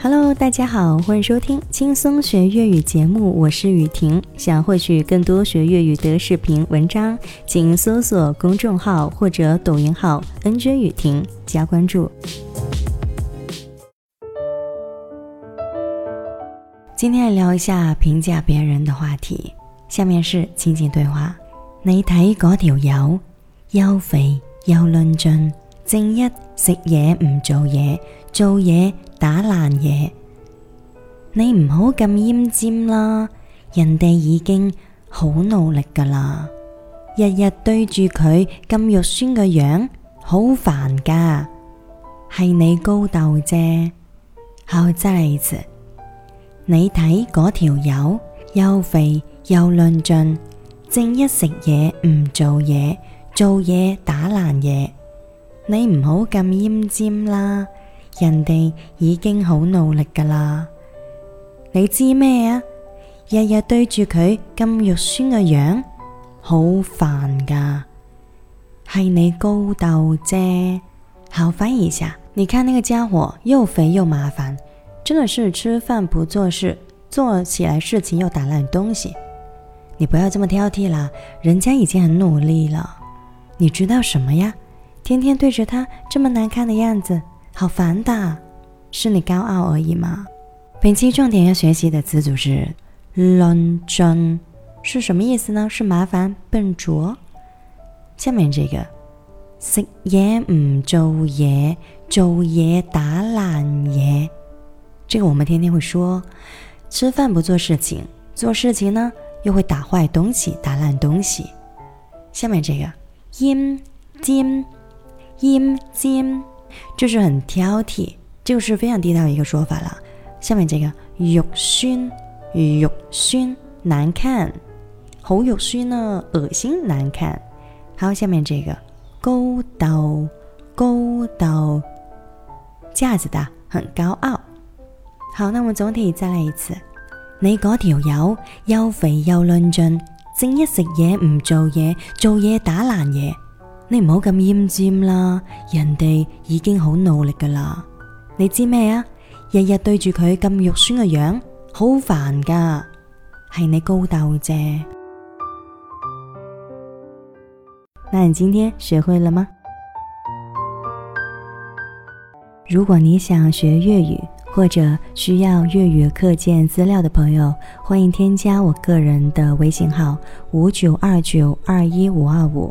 Hello，大家好，歡迎收聽輕鬆學粵語節目，我是宇婷。想獲取更多學粵語的視頻文章，請搜索公眾號或者抖音號 “NJ 宇婷”加關注。今天來聊一下評價別人的話題。下面是情景對話：你睇嗰條友，又肥又論盡，正一食嘢唔做嘢，做嘢。打爛嘢，你唔好咁奄尖啦！人哋已經好努力噶啦，日日對住佢咁肉酸嘅樣，好煩噶，係你高斗啫。好真，你睇嗰條友又肥又論盡，正一食嘢唔做嘢，做嘢打爛嘢，你唔好咁奄尖啦。人哋已經好努力噶啦，你知咩啊？日日對住佢咁肉酸嘅樣，好煩噶，係你高斗啫。好，翻譯一下，你看那個家伙又肥又麻煩，真的是吃飯不做事，做起來事情又打爛東西。你不要這麼挑剔啦，人家已經很努力了。你知道什麼呀？天天對着他這麼難看的樣子。好煩的，是你高傲而已嘛。本期重點要學習的詞組是“論盡”，是什麼意思呢？是麻煩、笨拙。下面這個“食嘢唔做嘢，做嘢打爛嘢”，這個我們天天會說：吃飯不做事情，做事情呢又會打壞東西、打爛東西。下面這個“奄尖奄尖”。就是很挑剔，就是非常地道一個說法了。下面這個肉酸，肉酸難,、啊、難看，好肉酸呢，惡心難看。還有下面這個高斗，高斗架子大，很高傲。好，那我們總體再來一次。你嗰條友又肥又論盡，正一食嘢唔做嘢，做嘢打爛嘢。你唔好咁奄尖啦，人哋已經好努力噶啦。你知咩啊？日日對住佢咁肉酸嘅樣，好煩噶，係你高斗啫。那你今天學會了嗎？如果你想學粵語或者需要粵語課件資料的朋友，歡迎添加我個人的微信號五九二九二一五二五。